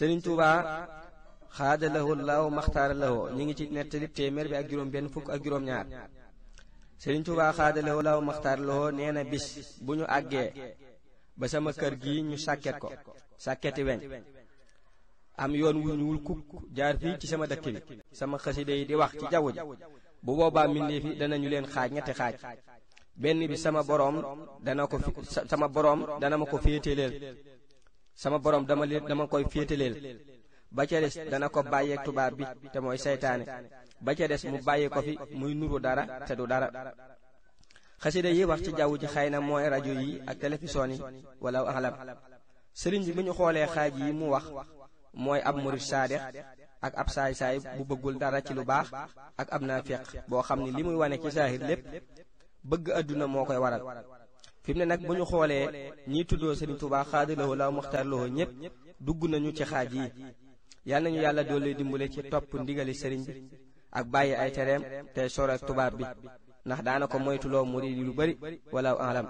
sëriñ Touba xaada lahu laaw maxtaara lahu ñi ngi ci nettali téeméer bi ak juróom benn fukk ak juróom ñaar sëriñ Touba xaada lahu laaw maxtaara lahu nee na bis bu ñu àggee ba sama kër gi ñu sàkket ko sàkketi weñ am yoon wu ñuul kukk jaar fii ci sama dëkk bi sama xasida yi di wax ci jaww ji bu boobaa mbindeef yi danañu leen xaaj ñetti xaaj benn bi sama boroom dana ko fi sama boroom dana ma ko féeteeleel sama borom dama leen dama koy féetaleel ba ca des dana ko bàyyeeg tubaab bi te mooy seytaane ba ca des mu bàyyi ko fi muy nuru dara te du dara xasida yi wax ci jaww ji xëy na mooy rajo yi ak télévision yi wala axlam sëriñ bi bu ñu xoolee xaaj yi mu wax mooy ab murid saadex ak ab saay-saay bu bëggul dara ci lu baax ak ab naafeq boo xam ni li muy wane ci saahir lépp bëgg àdduna moo koy waral fi mu ne nag bu ñu xoolee ñiy tuddoo Sëriñ Tuubaa xaadalawoo laaw muxtaarlawoo ñëpp dugg nañu ci xaaj yi yal nañu yàlla doole dimbale ci topp ndigali sëriñ bi ak bàyyi ay tereem te sor ak tubaab bi ndax daana ko moytuloo mu yi lu bari wala alam